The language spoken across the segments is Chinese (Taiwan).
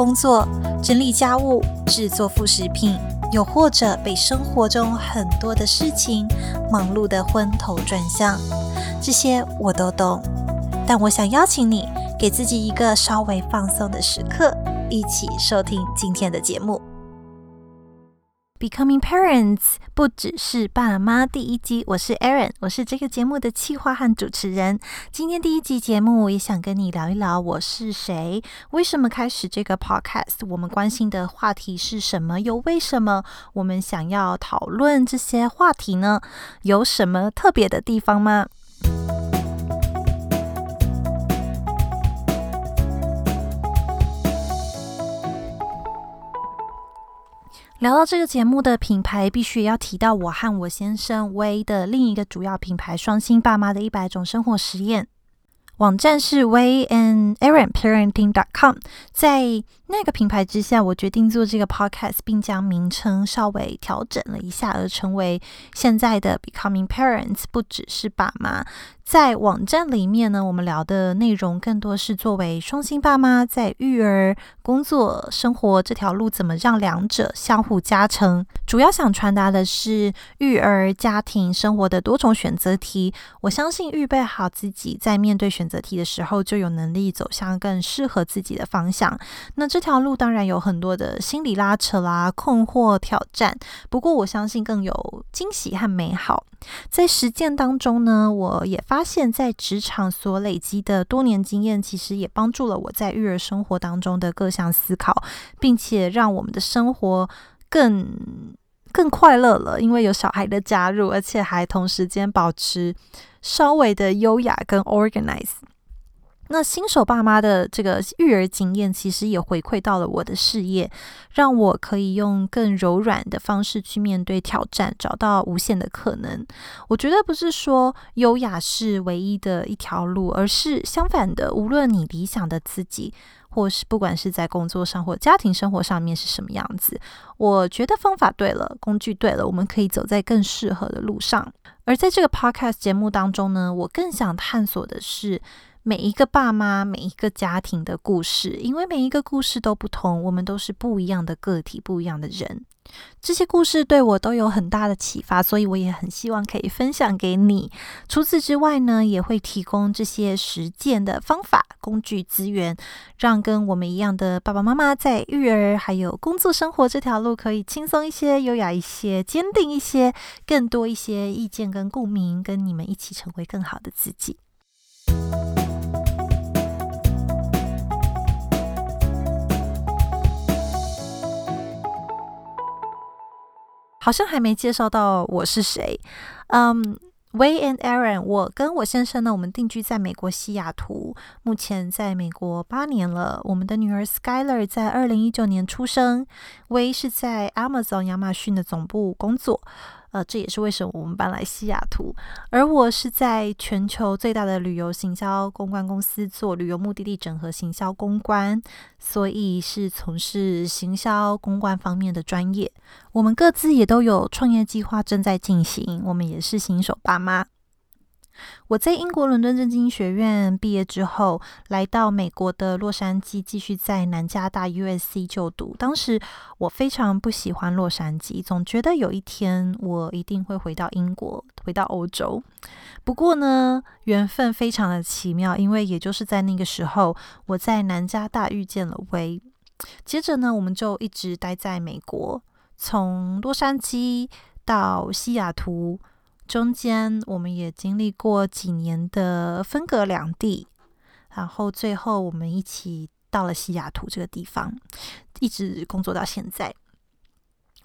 工作、整理家務、製作副食品，又或者被生活中很多的事情忙碌得昏頭轉向，這些我都懂。但我想邀請你，給自己一個稍微放鬆的時刻，一起收聽今天的節目。Becoming Parents 不只是爸媽第一集，我是 Erin，我是這個節目的企劃和主持人。今天第一集節目，我也想跟你聊一聊，我是誰，為什麼開始這個 podcast，我們關心的話題是什麼，又為什麼我們想要討論這些話題呢？有什麼特別的地方嗎？聊到這個節目的品牌，必須要提到我和我先生威的另一個主要品牌——雙星爸媽的一百種生活實驗。網站是 WeiandErinParenting.com，在那個品牌之下，我決定做這個 podcast，並將名稱稍微調整了一下，而成為現在的 becoming parents，不只是爸媽。在網站裡面呢，我們聊的內容更多是作為雙薪爸媽在育兒、工作、生活這條路，怎麼讓兩者相互加成。主要想傳達的是育兒、家庭生活的多種選擇題。我相信預備好自己，在面對選擇題的時候，就有能力走向更適合自己的方向。那這條路當然有很多的心理拉扯啦、困惑、挑戰，不過我相信更有驚喜和美好。在實踐當中呢，我也發現，在職場所累積的多年經驗，其實也幫助了我在育兒生活當中的各項思考，並且讓我們的生活更更快樂了，因為有小孩的加入，而且還同時間保持。稍微的優雅跟 organize，那新手爸媽的這個育兒經驗，其實也回饋到了我的事業，讓我可以用更柔軟的方式去面對挑戰，找到無限的可能。我覺得不是說優雅是唯一的一條路，而是相反的。無論你理想的自己，或是不管是在工作上或家庭生活上面是什麼樣子，我覺得方法對了，工具對了，我們可以走在更適合的路上。而在這個 Podcast 節目當中呢，我更想探索的是每一個爸媽、每一個家庭的故事，因為每一個故事都不同，我們都是不一樣的個體，不一樣的人。這些故事對我都有很大的啟發，所以我也很希望可以分享給你。除此之外呢，也會提供這些實踐的方法、工具、資源，讓跟我們一樣的爸爸媽媽在育兒還有工作生活這條路可以輕鬆一些、優雅一些、堅定一些，更多一些意見跟共鳴，跟你們一起成為更好的自己。好像還沒介紹到我是誰？嗯，um，Wei and Erin，我跟我先生呢，我們定居在美國西雅圖，目前在美國八年了。我們的女兒 Skyler 在二零一九年出生。Wei 是在 Amazon 亞馬遜的總部工作。呃，這也是為什麼我們搬來西雅圖，而我是在全球最大的旅遊行銷公關公司做旅遊目的地整合行銷公關，所以是從事行銷公關方面的專業。我們各自也都有創業計劃正在進行，我們也是新手爸媽。我在英國倫敦政經學院畢業之後，來到美國的洛杉磯繼續在南加大 USC 就讀。當時我非常不喜歡洛杉磯，總覺得有一天我一定會回到英國，回到歐洲。不過呢，緣分非常的奇妙，因為也就是在那個時候，我在南加大遇見了威。接着呢，我們就一直待在美國，從洛杉磯到西雅圖。中間我們也經歷過幾年的分隔兩地，然後最後我們一起到了西雅圖這個地方，一直工作到現在。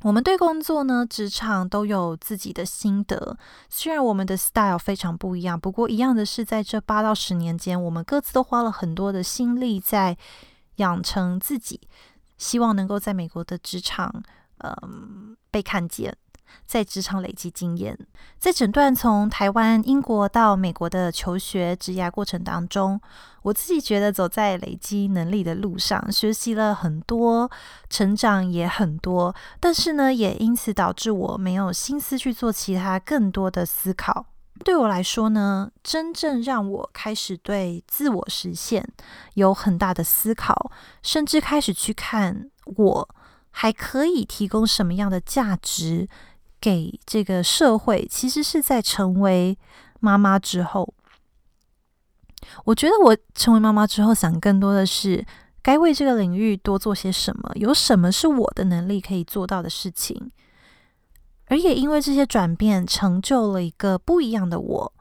我們對工作呢，職場都有自己的心得。雖然我們的 style 非常不一樣，不過一樣的是，在這八到十年間，我們各自都花了很多的心力在養成自己，希望能夠在美國的職場，嗯、呃，被看見。在職場累積經驗，在整段從台灣、英國到美國的求學、職涯過程當中，我自己覺得走在累積能力的路上，學習了很多，成長也很多。但是呢，也因此導致我沒有心思去做其他更多的思考。對我來說呢，真正讓我開始對自我實現有很大的思考，甚至開始去看我還可以提供什麼樣的價值。給這個社會，其實是在成為媽媽之後，我覺得我成為媽媽之後，想更多的是該為這個領域多做些什麼，有什麼是我的能力可以做到的事情，而也因為這些轉變，成就了一個不一樣的我。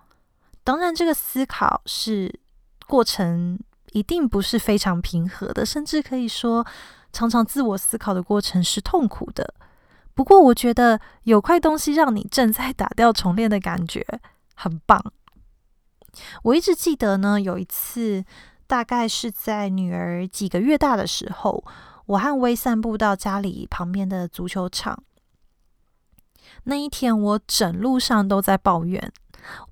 當然，這個思考是過程，一定不是非常平和的，甚至可以說，常常自我思考的過程是痛苦的。不過，我覺得有塊東西讓你正在打掉重練的感覺很棒。我一直記得呢，有一次，大概是在女兒幾個月大的時候，我和威散步到家裡旁邊的足球場。那一天，我整路上都在抱怨，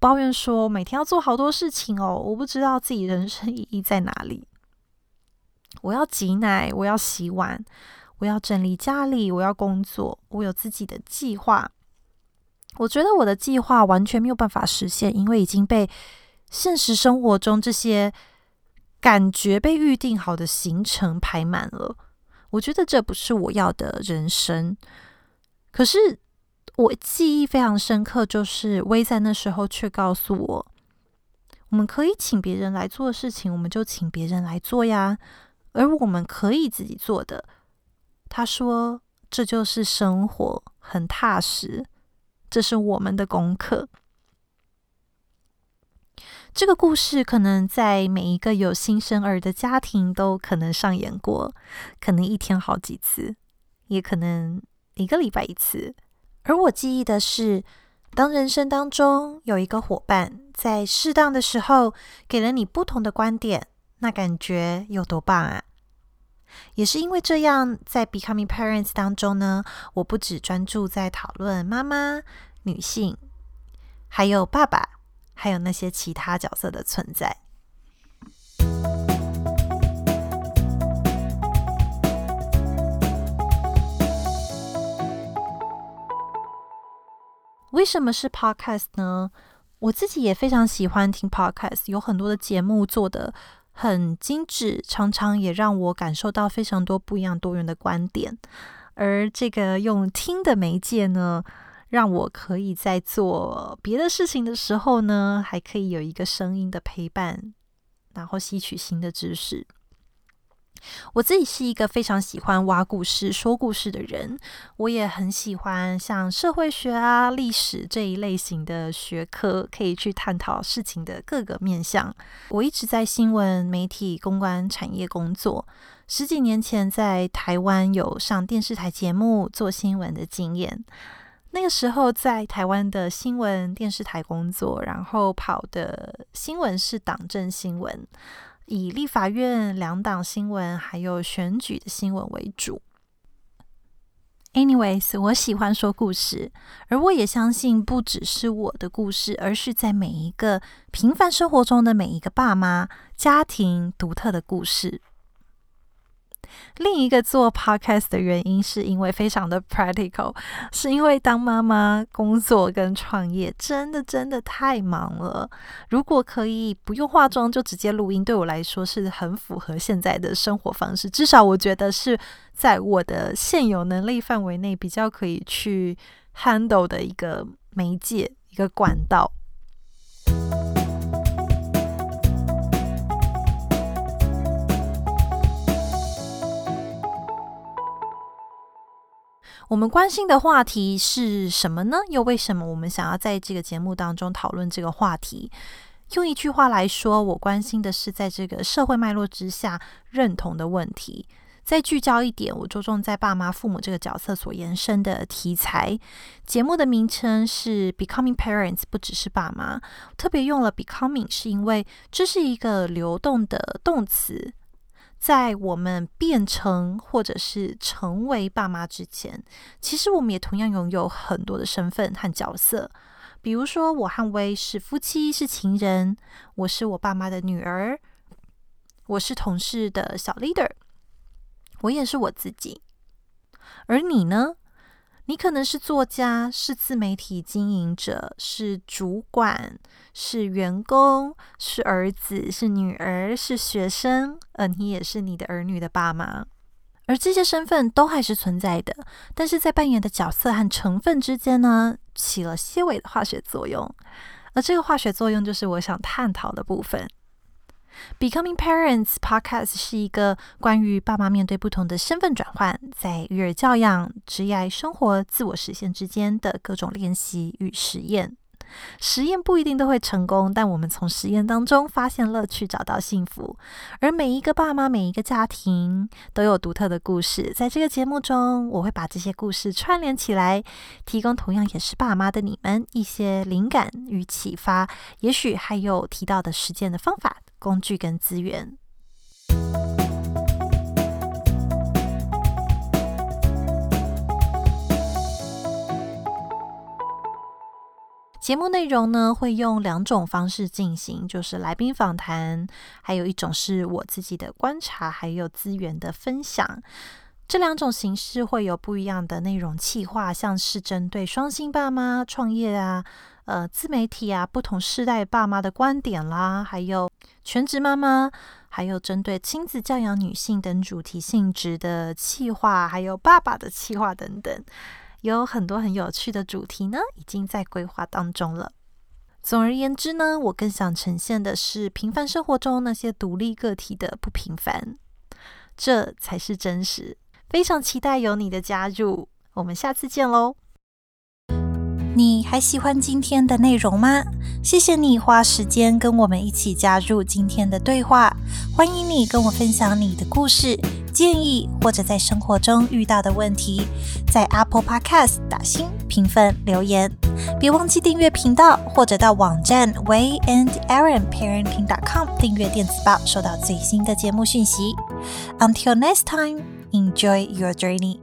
抱怨說每天要做好多事情哦，我不知道自己人生意義在哪裡。我要擠奶，我要洗碗。我要整理家裡，我要工作，我有自己的計劃。我覺得我的計劃完全沒有辦法實現，因為已經被現實生活中這些感覺被預定好的行程排滿了。我覺得這不是我要的人生。可是我記憶非常深刻，就是威在那時候卻告訴我：“我們可以請別人來做的事情，我們就請別人來做呀；而我們可以自己做的。”他說：“這就是生活，很踏實。這是我們的功課。這個故事可能在每一個有新生兒的家庭都可能上演過，可能一天好幾次，也可能一個禮拜一次。而我記憶的是，當人生當中有一個夥伴在適當的時候給了你不同的觀點，那感覺有多棒啊！”也是因為這樣，在 becoming parents 當中呢，我不只專注在討論媽媽、女性，還有爸爸，還有那些其他角色的存在。為什麼是 podcast 呢？我自己也非常喜歡聽 podcast，有很多的節目做的，很精緻，常常也讓我感受到非常多不一樣多元的觀點。而這個用聽的媒介呢，讓我可以在做別的事情的時候呢，還可以有一個聲音的陪伴，然後吸取新的知識。我自己是一個非常喜歡挖故事、說故事的人，我也很喜歡像社會學啊、歷史這一類型的學科，可以去探討事情的各個面向。我一直在新聞媒體、公關產業工作，十幾年前在台灣有上電視台節目做新聞的經驗。那個時候在台灣的新聞電視台工作，然後跑的新聞是黨政新聞。以立法院兩黨新聞，還有選舉的新聞為主。Anyways，我喜歡說故事，而我也相信不只是我的故事，而是在每一個平凡生活中的每一個爸媽、家庭獨特的故事。另一個做 podcast 的原因，是因為非常的 practical，是因為當媽媽工作跟創業真的真的太忙了。如果可以不用化妝就直接錄音，對我來說是很符合現在的生活方式。至少我覺得是在我的現有能力範圍內比較可以去 handle 的一個媒介，一個管道。我們關心的話題是什麼呢？又為什麼我們想要在這個節目當中討論這個話題？用一句話來說，我關心的是在這個社會脈絡之下認同的問題。再聚焦一點，我着重在爸媽、父母這個角色所延伸的題材。節目的名稱是 Becoming Parents，不只是爸媽。特別用了 Becoming，是因為這是一個流動的動詞。在我們變成或者是成為爸媽之前，其實我們也同樣擁有很多的身份和角色。比如說，我和威是夫妻，是情人；我是我爸媽的女兒；我是同事的小 leader；我也是我自己。而你呢？你可能是作家，是自媒體經營者，是主管，是員工，是兒子，是女兒，是學生，呃，你也是你的兒女的爸媽。而這些身份都還是存在的，但是在扮演的角色和成分之間呢，起了些微的化學作用。而這個化學作用，就是我想探討的部分。Becoming Parents Podcast 是一個關於爸媽面對不同的身份轉換，在育兒教養、職業、生活、自我實現之間的各種練習與實驗。實驗不一定都會成功，但我們從實驗當中發現樂趣，找到幸福。而每一個爸媽，每一個家庭都有獨特的故事。在這個節目中，我會把這些故事串聯起來，提供同樣也是爸媽的你們一些靈感與啟發，也許還有提到的實踐的方法。工具跟資源。節目內容呢，會用兩種方式進行，就是來賓訪談，還有一種是我自己的觀察，還有資源的分享。這兩種形式會有不一樣的內容企劃，像是針對雙薪爸媽創業啊。呃，自媒體啊，不同世代爸媽的觀點啦，還有全職媽媽，還有針對親子教養、女性等主題性質的企劃，還有爸爸的企劃等等，有很多很有趣的主題呢，已經在規劃當中了。總而言之呢，我更想呈現的是平凡生活中那些獨立個體的不平凡，這才是真實。非常期待有你的加入，我們下次見嘍！你還喜歡今天的內容嗎？謝謝你花時間跟我們一起加入今天的對話。歡迎你跟我分享你的故事、建議或者在生活中遇到的問題，在 Apple Podcast 打星、評分、留言。別忘記訂閱頻道，或者到網站 WeiandErinParenting.com 訂閱電子報，收到最新的節目訊息。Until next time, enjoy your journey.